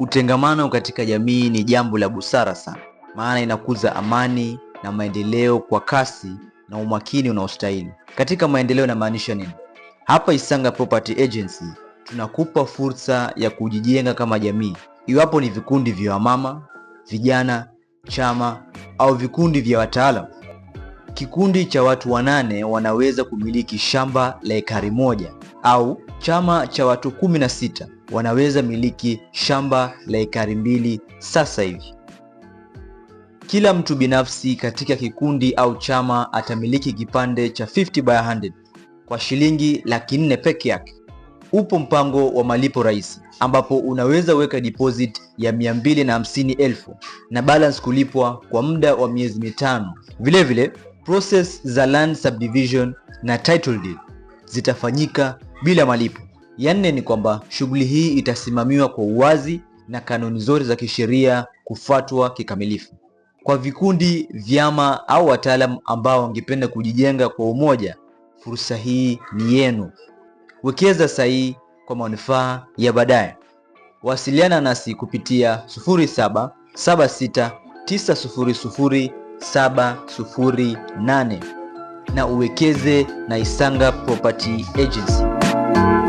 Utengamano katika jamii ni jambo la busara sana, maana inakuza amani na maendeleo kwa kasi na umakini unaostahili. Katika maendeleo inamaanisha nini? Hapa Isanga Property Agency tunakupa fursa ya kujijenga kama jamii, iwapo ni vikundi vya wamama, vijana, chama au vikundi vya wataalam. Kikundi cha watu wanane wanaweza kumiliki shamba la ekari moja au chama cha watu kumi na sita wanaweza miliki shamba la ekari mbili sasa hivi. Kila mtu binafsi katika kikundi au chama atamiliki kipande cha 50 by 100 kwa shilingi laki nne peke yake. Upo mpango wa malipo rahisi ambapo unaweza weka deposit ya 250,000 na, na balance kulipwa kwa muda wa miezi mitano. Vilevile, process za land subdivision na title deed zitafanyika bila malipo. Ya nne ni kwamba shughuli hii itasimamiwa kwa uwazi na kanuni zote za kisheria kufuatwa kikamilifu. Kwa vikundi, vyama au wataalamu ambao wangependa kujijenga kwa umoja, fursa hii ni yenu. Wekeza sahihi kwa manufaa ya baadaye. Wasiliana nasi kupitia 0776900708 na uwekeze na Isanga Property Agency. you